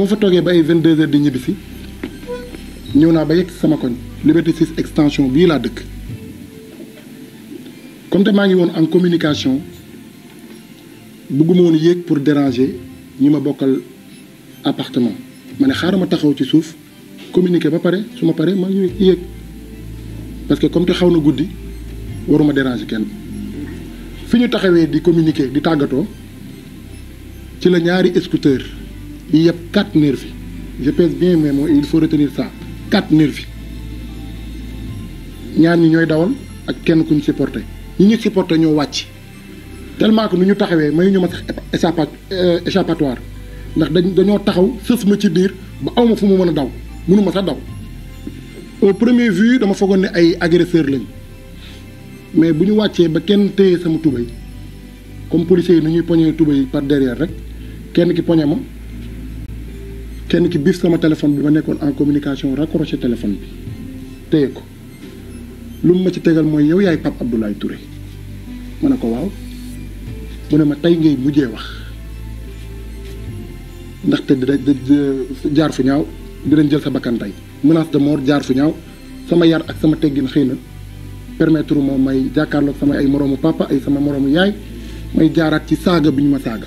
bi fa toogee ba ay 22 heures di ñibbi si ñëw naa ba yegg sama koñ Liberté 6 extension bii laa dëkk comme te maa ngi woon en communication bëgguma woon yéeg pour déranger ñi ma bokkal appartement ma ne xaaral taxaw ci suuf communiquer ba pare su ma pare ma yéeg parce que comme te xaw na guddi waruma déranger kenn fi ñu taxawee di communiquer di tàggatoo ci la ñaari scooter il y a quatre nervis. Je pèse bien mes mots il faut retenir ça. Quatre nervis. ñaar ñi ñooy dawal ak kenn ku ñu supporté ñi ñu supporté ñoo wàcc tellement que nu ñu taxawee mayu ñu ma sax euh, échappatoire ndax dañ dañoo taxaw sës ma ci biir ba awma fu mu mën a daw mënu ma sax daw au premier vue dama foogoon ne ay agresseur lañ mais bu ñu wàccee ba kenn téye sama tubay comme policiers yi nu ñuy poñee tubay par derrière rek kenn ki poñe ma tenn ki biif sama téléphone bi ma nekkoon en communication raccroché téléphone bi téye ko lu mu ma ci tegal mooy yow yaay Pape Abdoulaye Touré ma ne ko waaw mu ne ma tey ngay mujjee wax ndaxte dina jaar fu ñaaw dinañ jël sa bakkantey tey menace de mort jaar fu ñaaw sama yar ak sama teggin xëy na permettre ma may jàkkaarloog sama ay moroomu papa ay sama moroomu yaay may jaaraat ci saaga bi ñu ma saaga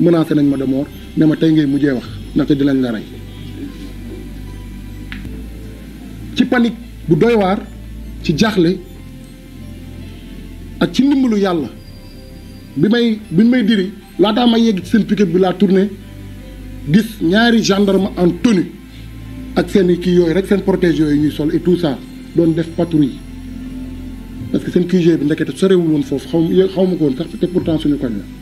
menacé nañ ma de mort ne ma tey ngay mujjee wax ndaxte dinañ la rey ci panique bu doy ci jaaxle ak ci ndimbalu yàlla bi may bi may diri laataa may yegg ci seen piquet bi laa tourné gis ñaari gendarme en tenue ak seen kii yooyu rek seen protège yooyu ñuy sol et tout ça doon def patrouille parce que seen QG bi ndekete sorewul woon foofu xaw ma xaw ma ko woon sax te pourtant suñu koñ la.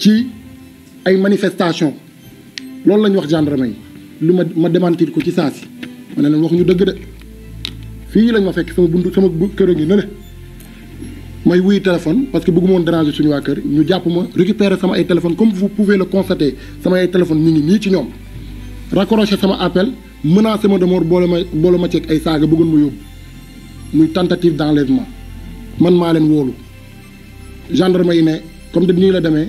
ci ay manifestation loolu la ñu wax gendarme yi lu ma ma démentir ko ci saa si ma ne leen wax ñu dëgg de fii lañ ma fekk sama buntu sama kër a ngi nële may wuy téléphone parce que bëgguma woon déranger suñu waa kër ñu jàpp ma récupérer sama ay téléphone comme vous pouvez le constater sama ay téléphone ñu ngi nii ci ñoom raccroché sama appel menacé ma de mort boole ma boole ma ceeg ay saaga bëggoon ma yóbbu muy tentative d'enlèvement man maa leen wóolu gendarme yi ne comme de dañuy la demee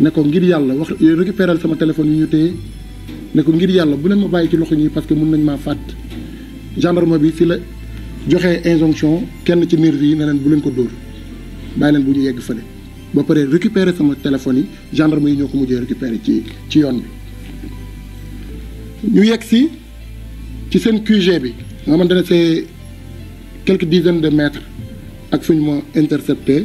ne ko ngir yàlla wax eh, récupéral sama téléphone yi ñu téye ne ko ngir yàlla bu leen ma bàyyi ci loxo ñi parce que mun nañ maa fàtt gendarme bi fi la joxe injonction kenn ci nervi yi ne leen bu leen ko dóor bàyyi leen bu ñu yegg fële ba pare récupérer sama téléphone yi gendarme yi ñoo ko mujjee récupérer ci ci yoon bi ñu yegg si ci seen QG bi nga xamante ne c'est quelques dizaines de mètres ak fuñ ñu ma intercepté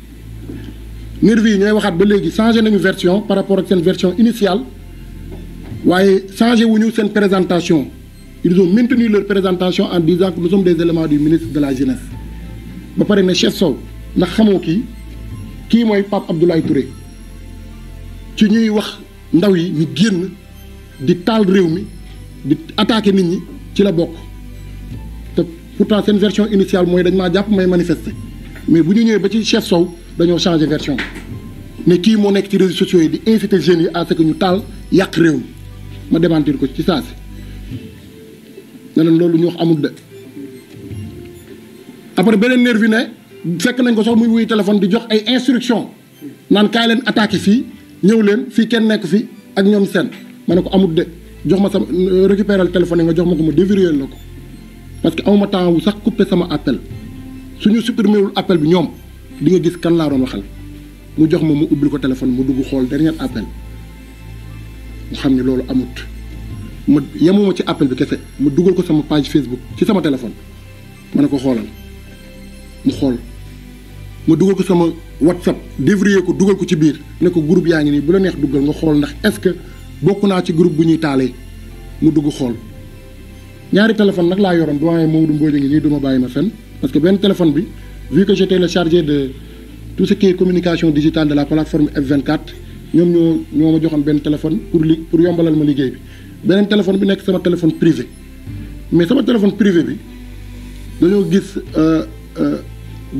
nervi nous avons ba légui changé nañu version par rapport ak une version initiale waaye changé wuñu sen présentation ils ont maintenu leur présentation en disant que nous sommes des éléments du ministre de la jeunesse ba pare ne chef Sow ndax xamoo ki ki moy Pape Abdoulaye Touré ci ñuy wax ndaw yi ñu génn di taal réew mi di attaquer nit ñi ci la bokk te pourtant sen version initiale mooy dañ maa jàpp may manifester mais bu ñu ñëwee ba ci chef Sow avons changé version Mais qui moo nekk ci réseaux sociaux di à ce que ñu taal yàq réew ma démentir ko ci ne ñu après beneen nervi ne fekk nañ ko sax muy téléphone di jox ay instruction naan kaay leen attaqué fii ñëw leen kenn ak ne ko amul de récupérer le téléphone nga jox ma ko parce que m'a temps sax couper sama appel suñu appel di nga gis kan laa doon waxal mu jox ma mu ubbil ko téléphone mu dugg xool dernier appel mu xam ne loolu amut ma yemuma ci appel bi kese mu dugal ko sama page Facebook ci sama téléphone ma ne ko xoolal mu xool ma dugal ko sama WhatsApp dévrier ko dugal ko ci biir ne ko groupe yaa ngi nii bu la neex dugal nga xool ndax est-ce que bokk naa ci groupe bu ñuy taalee mu dugg xool ñaari téléphone nag laa yoroon doyen Maodo Mbodj ngi nii du bàyyi ma fenn parce que benn téléphone bi. vu que j'étais le chargé de tout ce qui est communication digitale de la plateforme F24 nous avons ñoo un téléphone pour li pour yombalal ma liggéey bi benen téléphone bi nekk sama téléphone privé mais sama téléphone privé bi dañoo gis euh, euh,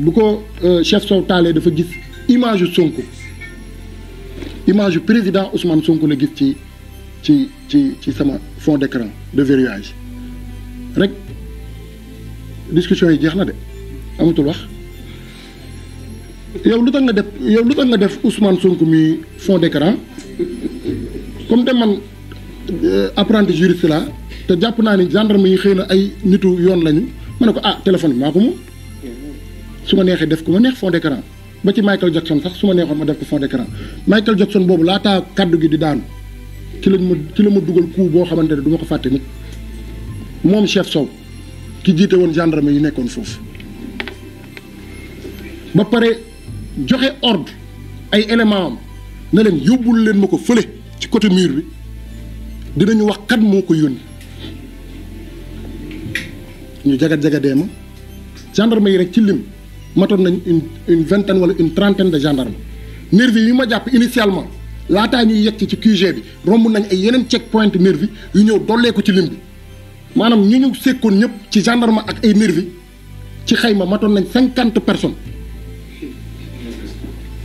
bu ko euh, chef Sow de dafa gis image Sonko image président Ousmane Sonko la gis ci ci ci sama fond d'écran de verrouillage rek discussion yi jeex na de amatul yow lu tax nga def yow lu tax nga def Ousmane Sonko mi fond d'écran comme te man euh, apprenti juriste la te jàpp naa ni gendarme yi xëy na ay nitu yoon lañu ma ne ko ah téléphone bi maa ko moom su ma neexee def ko ma neex fond d'écran ba ci Michael Jackson sax su ma neexoon ma def ko fond d'écran Michael Jackson boobu laataa kàddu gi di daanu ci lañ ma ci la ma dugal coup boo xamante ne duma ko fàtte nit moom chef Sow ki jiite woon ma yi nekkoon foofu ba pare. joxe ordre ay élément am ne leen yóbbul ma ko fële ci côté mur bi dinañu wax kat moo ko yónni ñu jagat-jagadee ma gendarme yi rek ci lim matoon nañ une une vingtaine wala une trentaine de gendarme nervi yi ma jàpp initialement laataa ñuy yegg ci QG bi romb nañ ay yeneen check point bi yu ñëw dollee ko ci lim bi maanaam ñu ñu sekkoon ñëpp ci gendarme ak ay nervi ci xayma matoon nañ cinquante personnes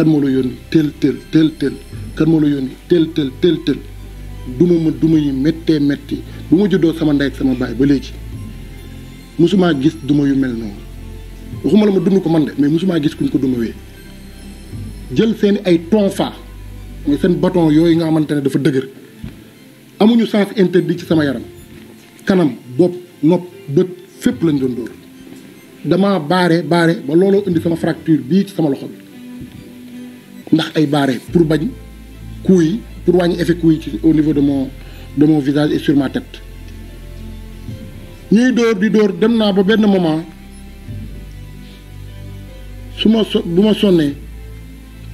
kan moo la yónni tel tel tel tel kan moo la yónni tel tel tel tel duma ma duma yu méttee métti bu ma juddoo sama ndey ak sama baay ba léegi mosumaa gis duma yu mel noonu ma la ma dund ko man de mais mosumaa gis kuñ ko duma wee jël seen ay tonfa mooy seen bâton yooyu nga xamante ne dafa dëgër amuñu sens interdit ci sama yaram kanam bopp nopp bët fépp lañ doon dóor dama baare baare ba looloo indi sama fracture bii ci sama loxo bi ndax ay barré pour bañ coups pour wàññi effet coups yi au niveau de mon de mon visage et sur ma tête ñuy door di door dem naa ba benn moment su ma so bu ma sonnee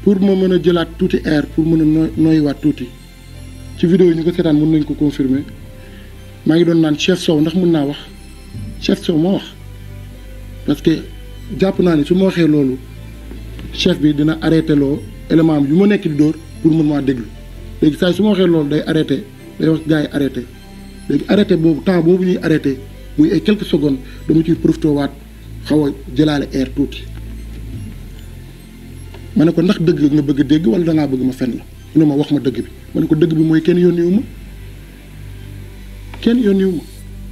pour ma mën a jëlaat tuuti air pour mën a nooy nooyiwaat tuuti ci vidéo ñu ko seetaan mën nañ ko confirmer maa ngi doon naan chef sow ndax mën naa wax chef sow ma wax parce que jàpp naa ne su ma waxee loolu chef bi dina arrêté loo élément bi ma nekk di dóor pour mën maa déglu léegi saa su ma waxee loolu day arrêté day wax gars yi arrêté léegi arrêté boobu temps boobu ñuy arrêté muy ay quelques secondes dama ciy profité waat xaw a jëlaale air tuuti. ma ne ko ndax dëgg nga bëgg dégg wala dangaa bëgg ma fen la mu ne ma wax ma dëgg bi man ko dëgg bi mooy kenn yónniwu ma kenn yónniwu ma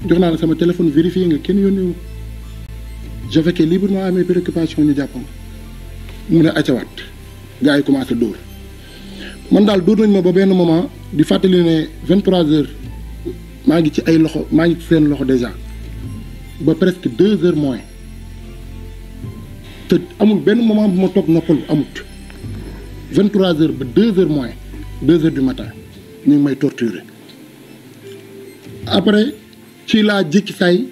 jox naa la sama téléphone vérifié nga kenn yoon yónniwu ma je fais que librement amee préoccupation ñu jàppam mu ne acawaat. gars yi commencé dóor man daal dóor nañ ma ba benn moment di fàttali ne vingt trois heures maa ngi ci ay loxo maa ngi ci seen loxo déjà ba presque 2 heures moins te amul benn moment bu ma toog noppalu amut 23 heures ba 2 heures mois 2 heures du matin ñu may torturer après ci laa jékki say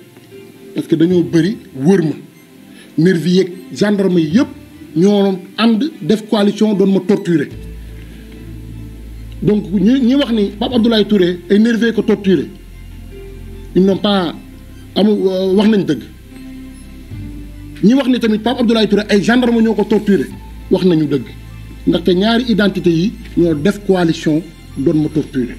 parce que dañoo bëri wër ma nervi yeeg gendarme yi yëpp. ñoo ànd def coalition doon ma torturer donc ñi ñi wax ni Pape Abdoulaye Touré ay nerveux ko torturer ils n'ont pas amul euh, wax nañ dëgg ñi wax ni tamit Pape Abdoulaye Touré ay gendarme ñoo ko torturer wax nañu dëgg ndaxte ñaari identité yi ñoo def coalition doon ma torturer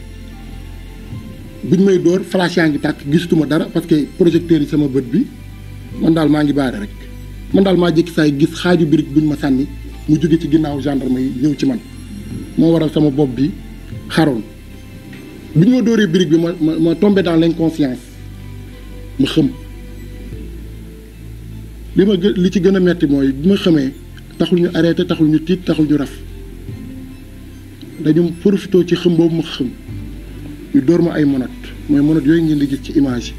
buñ may door flash yaa ngi tàkk gisatuma dara parce que projecteur yi sama bët bi man daal maa ngi baare rek man daal maa jékki saay gis xaaju birig buñ ma sànni mu jóge ci ginnaaw gendarme yi ñëw ci man moo waral sama bopp bi xaroon bi ñu ma dóoree birig bi ma ma ma tombé dans l'inconscience ma xëm li ma li ci gën a metti mooy bu ma xamee taxul ñu arrêté taxul ñu tiit taxul ñu raf dañu profité ci xëm boobu ma xëm ñu dóor ma ay monote mooy monote yooyu ngeen di gis ci image yi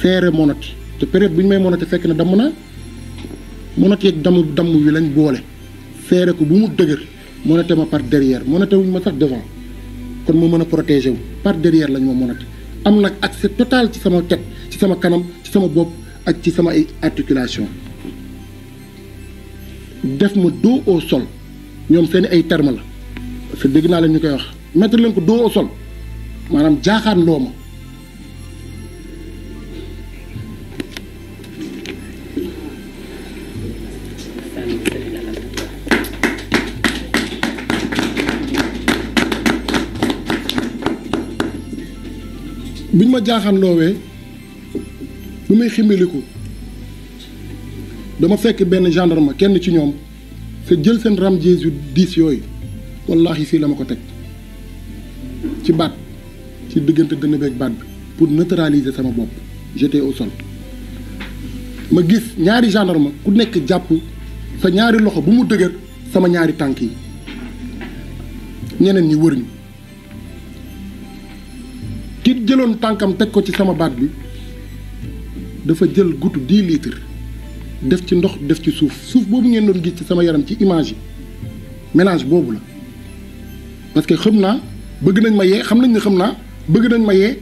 seere monote te période bu ñu may monote fekk na damm naa dans damu damm wi lañ boole feere ko bu ma par derrière wuñ ma devant mu protéger wu par derrière lañ ma am accès total ci sama tête ci sama kanam ci sama bopp ak ci sama ma au sol ñoom seen ay terme la parce que dégg naa leen wax ko au sol ma jaaxaan loowee may muy dama fekk benn gendarme kenn ci ñoom te jël seen ram jésu diis yooyu yi fii la ma ko teg ci baat ci diggante dënn baat bi pour neutraliser sama bopp j'étais au ma gis ñaari gendarme ku nekk jàpp sa ñaari loxo bu mu dëgër sama ñaari tànk yi ñeneen ñi wër ñu jëloon tànkam teg ko ci sama baat bi dafa jël gutu dii litres def ci ndox def ci suuf suuf boobu ngeen doon gis ci sama yaram ci image yi mélange boobu la parce que xam naa bëgg nañ ma yee xam nañ ne xam naa bëgg nañ ma yee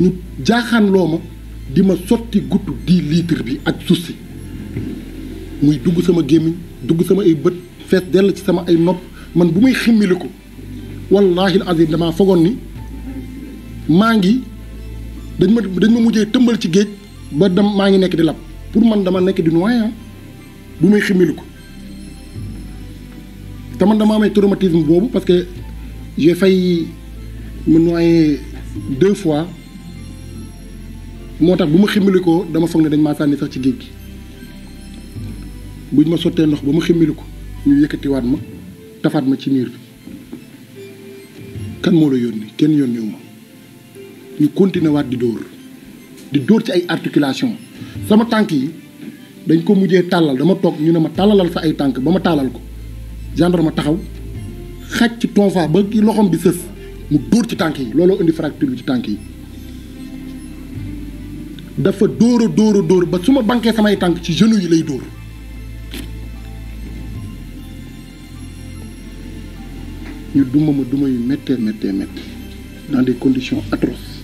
ñu jaaxaan loo ma di ma sotti gutu 10 litres bi ak suuf si muy dugg sama gémmiñ dugg sama ay bët fees dell ci sama ay nopp man bu may ximmiliku wallaahi al azim damaa fogoon ni maa ngi dañ ma dañ ma mujjee tëmbal ci géej ba dem maa ngi nekk di lab pour man dama nekk di noyé bu ah, may ximiliku te man dama amee traumatisme boobu parce que j'ai failli me noyer deux fois moo tax bu ma ximilikoo dama foog ne dañ ma sànni sax ci géej gi buñ ma sottee ndox ba ma ximiliku ñu yëkkatiwaat ma tafaat ma ci miir bi kan moo la yónni kenn yónniwu ma ñu continuer wat di door, di door ci ay articulation sama tank yi dañ ko mujjé talal dama tok ñu ne ma tàllalal sa ay tank bama talal ko gendarme taxaw xacc ci tonfa ba ki loxom bi seuf mu door, ci tank yi lolo indi fracture bi ci tank yi dafa dóora dóora dóor ba suma banké sama ay tank ci genou yi lay dóor ñu duma ma duma yu metté metté metté dans des conditions atroces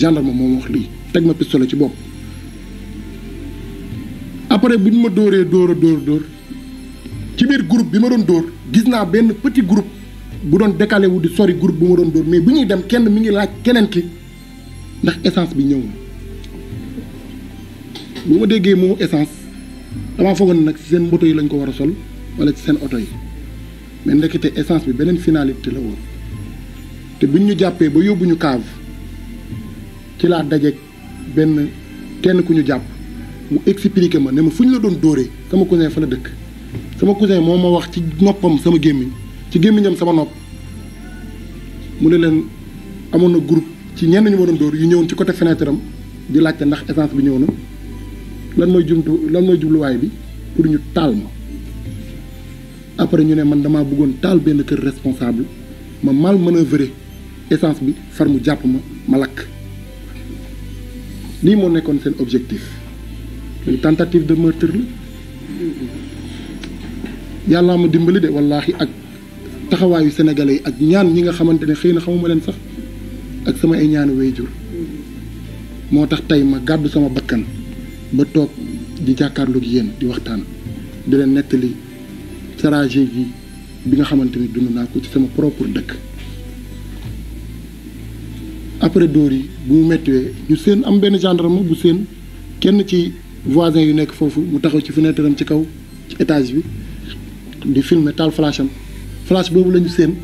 gendarme moom wax lii teg ma pistolet ci bopp après bi ñu ma dóoree dóor a dóor dóor ci biir groupe bi ma doon dóor gis naa benn petit groupe bu doon décalé wu di sori groupe bu ma doon dóor mais bu ñuy dem kenn mu ngi laaj keneen ki ndax essance bi ñëw na bu ma déggee moo essance dama fogoon nag ci seen moto yi lañ ko war a sol wala ci seen oto yi mais ndekete essance bi beneen finalité la woon te buñ ñu jàppee ba yóbbu ñu cave ci laa dajeeg benn kenn ku ñu jàpp mu expliqué ma ne ma fu ñu la doon dóoree sama cousin fa la dëkk sama cousin moo ma wax ci noppam sama gémmiñ ci gémmiñam sama nopp mu ne leen amoon na groupe ci ñenn ñu ma doon dóor yu ñëwoon ci côté fenêtre am di laajte ndax essence bi ñëw na lan mooy jumtu lan mooy jubluwaay bi pour ñu taal ma après ñu ne man damaa bëggoon taal benn kër responsable ma mën a manœuvrer essence bi far mu jàpp ma ma lakk lii moo nekkoon seen objectif une tentative de meurtre la yàllaa ma dimbali de wallaahi ak taxawaayu sénégalais yi ak ñaan ñi nga xamante ne xëy na xamuma leen sax ak sama ay ñaanu wayjur moo tax tey ma gàddu sama bakkan ba toog di jàkkaarloog yéen di waxtaan di leen nettali tragédie yi bi nga xamante ni dund naa ko ci sama propre dëkk après dóor yi bu mu méttiwee ñu seen am benn gendarme bu seen kenn ci voisin yu nekk foofu bu taxaw ci fenêtre am ci kaw ci étage bi di filmer taal flash am flash boobu la ñu seen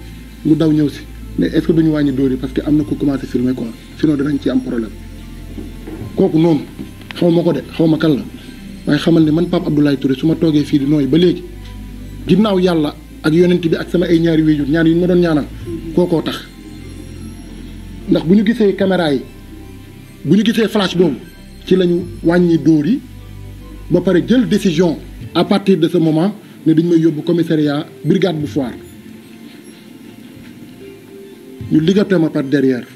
mu daw ñëw si mais est-ce duñu wàññi dóor yi parce que am na ko commencé filmer quoi sinon danañ ci am problème kooku noonu xaw ma ko de xaw ma kan la waaye xamal ne man Pape Abdoulaye Touré su ma toogee fii di nooy ba léegi ginnaaw yàlla ak yonent bi ak sama ay ñaari wéjur ñaan yu ñu ma doon ñaanal kookoo tax ndax bu ñu gisee caméra yi bu ñu gisee flash boobu ci lañu ñu wàññi dóor yi ba pare jël décision à partir de ce moment ne dañ may yóbbu commissariat brigade bu Foire ñu ligoté ma par derrière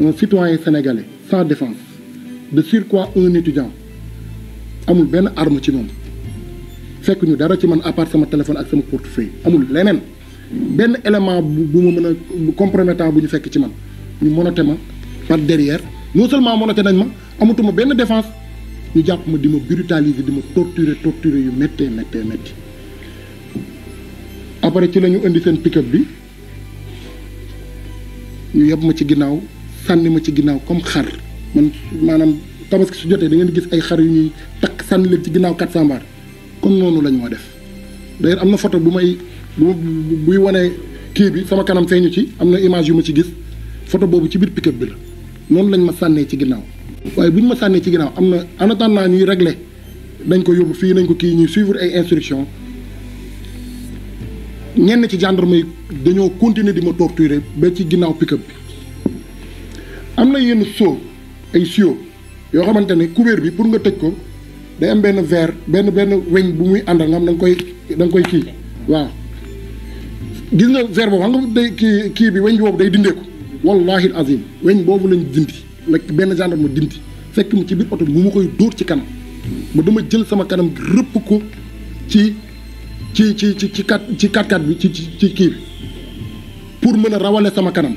un citoyen sénégalais sans défense de surcroît un étudiant amul benn arme ci moom fekk ñu dara ci man à part sama téléphone ak sama portefeuille amul leneen. benn élément bu ma mën a compromettant bu ñu fekk ci man ñu monote ma par derrière non seulement monote nañ ma amatuma benn défense ñu jàpp ma di ma brutaliser di ma torturer torturer yu méttee méttee métti après ci la ñu indi seen pick bi ñu yeb ma ci ginnaaw sànni ma ci ginnaaw comme xar man maanaam tabaski su jotee da ngeen gis ay xar yu ñuy takk sànni leen ci ginnaaw 400 mbaar kon noonu lañu ñu ma def d'ailleurs am na photo bu may. buy wane kii bi sama kanam feeñu ci am na image yu ma ci gis photo boobu ci biir pick bi la noonu lañ ma sànnee ci ginnaaw waaye bu ñu ma sànnee ci ginnaaw am na en attendant ñuy régler dañ ko yóbbu fii nañ ko kii ñuy suivre ay instruction ñenn ci gendarme yi dañoo continuer di ma torturer ba ci ginnaaw pick bi am na yenn soo ay sio yoo xamante ne couvert bi pour nga tëj ko day am benn verre benn benn weñ bu muy àndal nga xam koy da koy kii waaw gis nga verre boobu xam nga day kii kii bi weñ boobu day dindeeku wallahi azim weñ boobu lañ dindi la benn gendarme dindi fekk mu ci biir oto bi mu ma koy dóor ci kanam ma dama jël sama kanam rëpp ko ci ci ci ci ci kat ci kat-kat bi ci ci kii bi pour mën a rawale sama kanam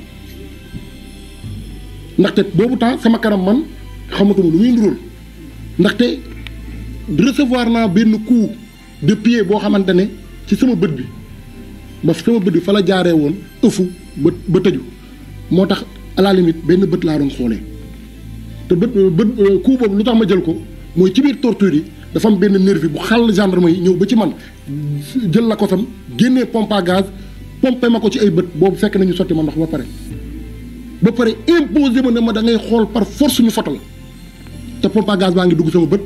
ndaxte boobu temps sama kanam man xamatuma lu muy nduról ndaxte recevoir naa benn ku de pied boo xamante ne ci sama bët bi ba fi ma bëgg fa la jaaree woon ëfu ba ba tëju moo tax à benn bët laa doon xoolee te bët bët euh, coup lu tax ma jël ko mooy ci biir torture yi dafa am benn nervi bu xàll yi ñëw ba ci man jël la ko sam génnee pompe pompe ko ci ay bët boobu fekk nañu sotti ma ndox ba pare ba pare imposé ma ne ma da ngay xool par force ñu foto la te pompe gaz baa ngi dugg sama bët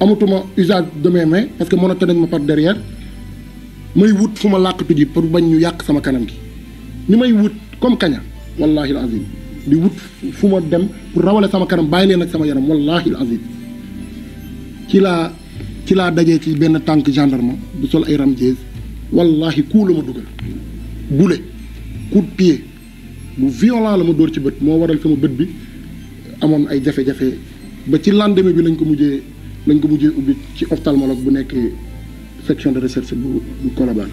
amatuma usage de mes mains parce que monote nañ ma par derrière may wut fuma ma làqatu di pour bañ ñu yàq sama kanam gi ni may wut comme kaña wallahi al di wut fu ma dem pour rawale sama kanam bàyyi leen sama yaram wallahi al azim ci laa ci laa dajee ci benn tànk gendarme du sol ay ram jeez wallahi kuu la ma dugal bule coup de pied bu violent la ma ci bët moo waral sama bët bi amoon ay jafe-jafe ba ci lendemain bi lañ ko mujjee lañ ko mujjee ubbi ci oftalmolog bu nekk section de recherche bu bu Colobane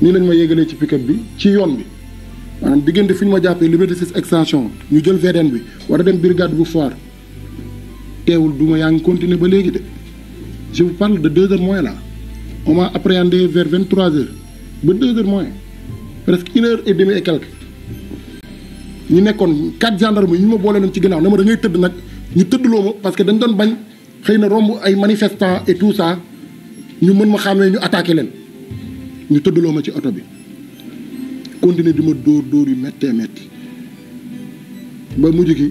nii lañ ma yégalee ci pick-up bi ci yoon bi maanaam diggante fi ñu ma jàppee liberté 6 extension ñu jël VDN bi war a dem brigade bu foire teewul du ma yaa ngi continuer ba léegi de je vous parle de deux heures moins là on m'a appréhendé vers vingt trois heures ba deux heures moins presque une heure et demie et quelque ñu nekkoon quatre gendarme ñu ma boole noonu ci gannaaw ne ma dañuy tëdd nag ñu tëddloo ma parce que dañ doon bañ xëy na romb ay manifestants et tout ça ñu mën ma xàmmee ñu attaqué leen ñu tëddaloo ma ci oto bi continuer di ma dóor dóor yu méttee metti ba mujj gi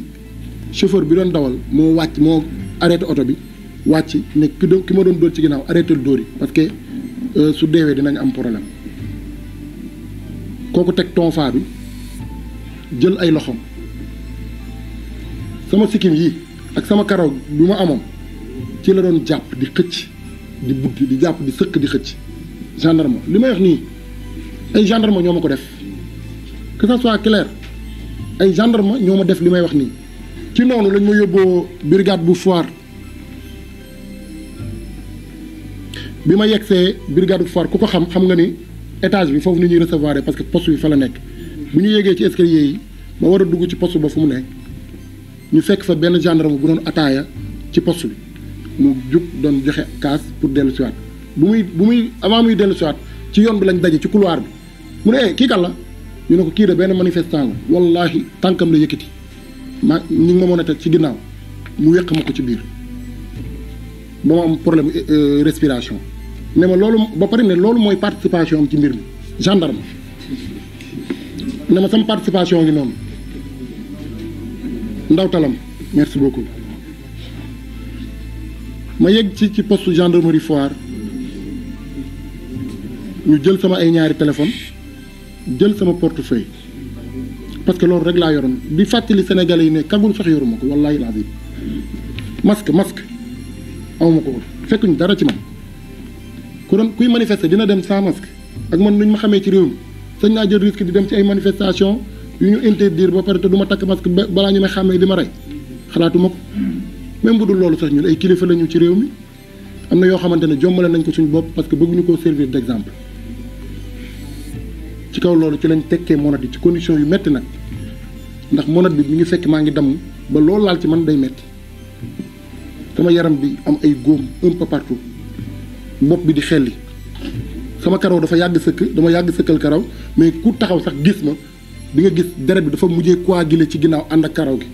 chauffeur bi doon dawal moo wàcc moo arrêté oto bi wàcc ne ki doon ki ma doon dóor ci ginnaaw arrêté dóor yi parce que euh, su deewee dinañ am problème kooku teg tonfa bi jël ay loxoom sama sikkim yi ak sama karaw bi ma amoon ci la doon jàpp di xëcc di bukti di japp di sekk di xëcc gendarme li may wax nii ay gendarme ñoo ma ko def que ça soit clair ay gendarme ñoo ma def li may wax nii ci noonu lañ ma yóbboo brigade bu foire bi ma yegsee brigade bu foire ku ko xam xam nga ni étage bi foofu ni ñuy recevoir parce que poste bi fa la nekk bu ñu ci escalier yi ma war a dugg ci poste ba fu mu ne ñu fekk fa benn gendarme bu doon ataaya ci poste bi mu jug doon joxe kaas pour dellu siwaat bu muy bu muy avant muy dellu siwaat ci yoon bi lañ daje ci couloir bi mu ne eh, kii kal la ñu ne ko kii de benn manifestant la wallaahi tànkam la yëkkati ma ñu ngi ma mën a teg ci ginnaaw mu wéq ma ko ci biir ba ma am problème euh, euh, respiration ne ma loolu ba pare ne loolu mooy participation ci mbir mi gendarme ne ma sama participation ngi noonu ndawtalam merci beaucoup ma yegg ci ci poste gendarmerie Foire ñu jël sama ay ñaari téléphone jël sama portefeuille parce que loolu rek laa yoroon di fàttali Sénégalais yi ne kagul sax yoruma ko wallaahi laa masque masque amuma ko fekk ñu dara ci man ku doon kuy manifester dina dem sans masque ak man nuñ ma xamee ci réew mi sañ naa jël risque di dem ci ay manifestation yu ñu interdire ba pare te du ma takk masque balaa ñu may xàmmee di ma rey xalaatuma ko même bu dul loolu sax ñun ay kilifa lañu ci réew mi am na yoo xamante ne jommale nañ ko suñu bopp parce que bëgguñu koo servir d'exemple ci kaw loolu ci lañ tekkee monat yi ci condition yu metti nag ndax monat bi mi ngi fekk maa ngi damm ba loolu laal ci man day metti sama yaram bi am ay góom un peu partout bopp bi di xelli sama karaw dafa yàgg sëkk dama yàgg sëkkal karaw mais ku taxaw sax gis ma di nga gis deret bi dafa mujjee coagulé ci ginnaaw ànd ak karaw gi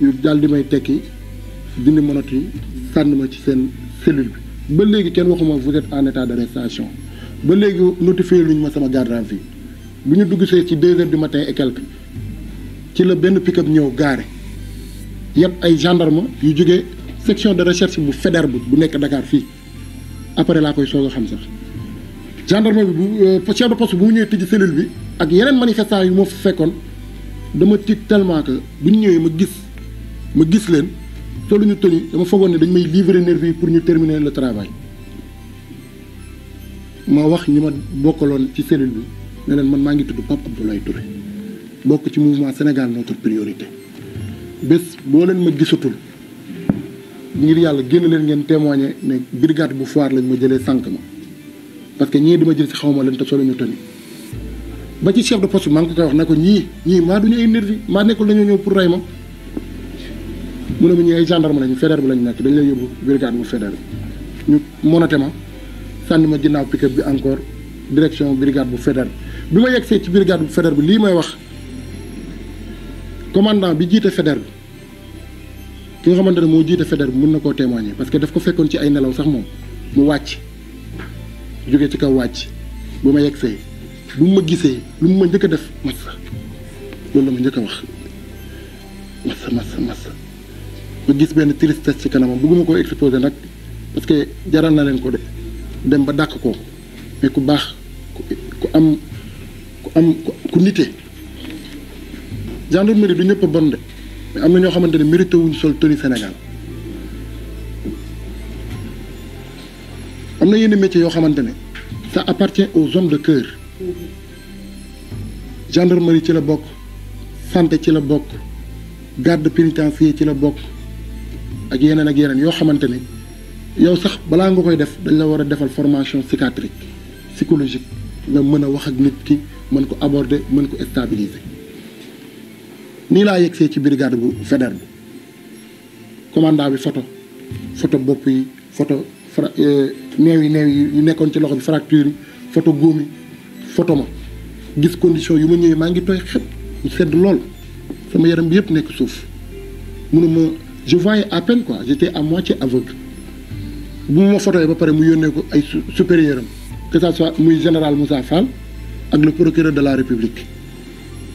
ñu dal di may tekki dindi monote yi sànni ma ci seen cellule bi ba léegi kenn waxuma vous êtes en état d'arrestation ba léegi notifié luñ ma sama garde à vue bu ñu dugg see ci deux heures du matin et quelque ci la benn pick-up ñëw gaare yëpp ay gendarme yu jógee section de recherche bu fédère bu bu nekk Dakar fii après laa koy soog a xam sax gendarme bi bu euh, chef de poste bu mu ñëwee tijji cellule bi ak yeneen manifestant yu moo fa fekkoon dama tiit tellement que bu ñu ñëwee ma gis ma gis leen solu ñu tenu dama foogoon ne dañ may livrer nervi pour ñu terminer le travail ma wax ñi ma bokkaloon ci cellule bi ne leen man maa ngi tudd Pape Abdoulaye Touré bokk ci mouvement Sénégal notre priorité bés boo leen ma gisatul ngir yàlla génn leen ngeen témoigner ne brigade bu foire lañ ma jëlee sànq ma parce que ñii di jël si xaw ma leen te solo ñu tenu ba ci chef de poste maa ngi ko koy wax na ko ñii ñii maa duñu ay nervi maa nekkul dañoo ñëw pour rey ma mu ne ma ñu ay gendarme lañu fédère bi lañu nekk dañu lay yóbbu brigade bu fédère bi ñu monote ma sànni ma ginnaaw pick bi encore direction brigade bu fédère bi bi ma yegsee ci brigade bu fédère bi lii may wax commandant bi jiite fédère ki nga xamante ne moo jiite fédère bi mun na koo témoigner parce que daf ko fekkoon ci ay nelaw sax moom mu wàcc jóge ci kaw wàcc bu ma yegsee bu mu ma gisee lu mu ma njëkk a def massa loolu la ma njëkk a wax massa massa massa ma gis benn tristesse ci kanamam bëgguma koo exposé nag parce que jaral na leen ko de dem ba dàq ko mais ku baax ku am ku am ku nite gendarmerie du ñëpp bon de mais am na ñoo xamante ne mérité sol tenue Sénégal am na yenn métiers yoo xamante ne ça appartient au hommes de genre gendarmerie ci la bokk santé ci la bokk garde pénitentiaire ci la bokk ak yeneen ak yeneen yoo xamante ni yow sax balaa nga koy def dañ la war a defal formation psychiatrique psychologique nga mën a wax ak nit ki mën ko aborder mën ko stabiliser. nii laa yegsee ci brigade bu Faidherbe bi commandant bi photo photo bopp yi photo fra euh, néew nekkoon ci loxo bi fracture yi foto góom yi ma gis condition yu ma ñëwee maa ngi tooy xet mu sedd lool sama yaram bi yëpp nekk suuf mënuma je voyais à peine quoi j'étais à moitié aveugle bu ma pas ba pare supérieur que ça soit le général Moussa Fall avec le procureur de la République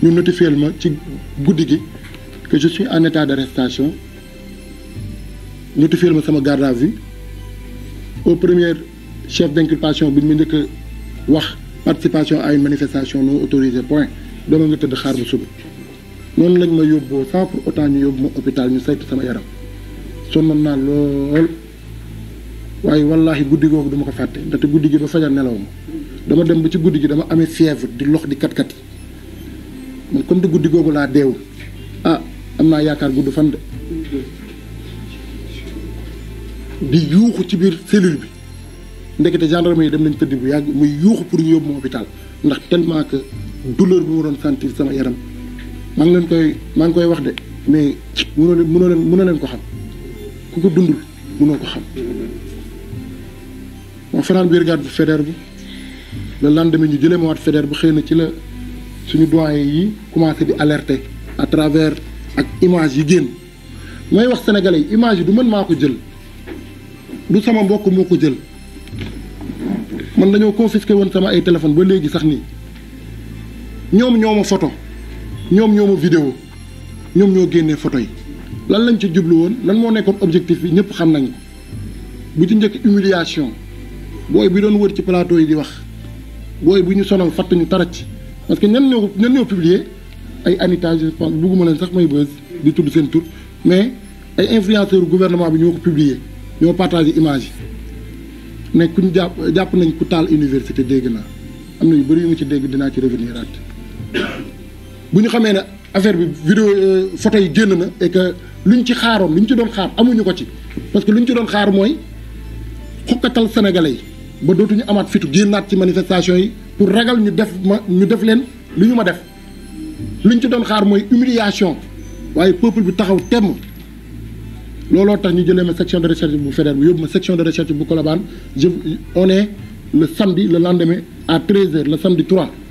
Nous notifions que je suis en état d'arrestation notifié ma sama garde à vue au premier chef d'inculpation bi mu dit participation à une manifestation non autorisée point de noonu lañ ma yóbboo sans pour ñu yóbbu ma hôpital ñu saytu sama yaram sonnoon naa lool waaye wallaahi guddi googu duma ko fàtte ndaxte guddi gi ba fajar nelaw ma dama dem ba ci guddi gi dama amee fièvre di lox di kat-kat yi man comme de guddi googu laa deewul ah am naa yaakaar gudd fan de di yuuxu ci biir cellule bi ndekete gendarme yi dem nañ tëdd bu yàgg muy yuuxu pour ñu yóbbu ma hôpital ndax tellement que douleur bi ma doon sama yaram Je ne leen koy wax de mais mënoo leen mënoo ko xam ku ko le lendemain ñu jëlee ma waat ci la suñu doyen yi commencé di alerter à travers ak image yi génn may wax sénégalais yi image du man maa jël du sama mbokk moo jël man confisqué woon sama ay téléphone ba léegi sax nii photo ñom ñoo vidéo ñom ñoo génnee photo yi lan lañ ci djublu won lan mo nekkoon objectif yi ñëpp xam nañ bu ci njëkk humiliation boy bi doon wër ci plateau yi di wax boy bu ñu sonal fatt ñu tarat ci parce que ñan ñoo ñan ñoo publier ay Anita je pense bugguma leen sax may bës di tuddu sen tour mais ay influenceur gouvernement bi ñoko publier ñoo partager image yi kuñ japp japp nañ ku taal université dégg na am na yu bari yu ci dégg dina ci revenir at buñu xamé na affaire bi vidéo euh, photo yi génn na et que luñ ci xaaroon luñ ci doon xaar amuñu ko ci parce que luñ ci doon xaar mooy xukkatal sénégalais yi ba dootuñu amaat fitu génnaat ci manifestation yi pour ragal ñu def ma ñu def leen lu ñu ma def luñ ci doon xaar mooy humiliation waaye peuple bi taxaw temm looloo tax ñu jëlee ma section de recherche bu fédéral bu yóbbu ma section de recherche bu Colobane je on est le samedi le lendemain à 13h le samedi 3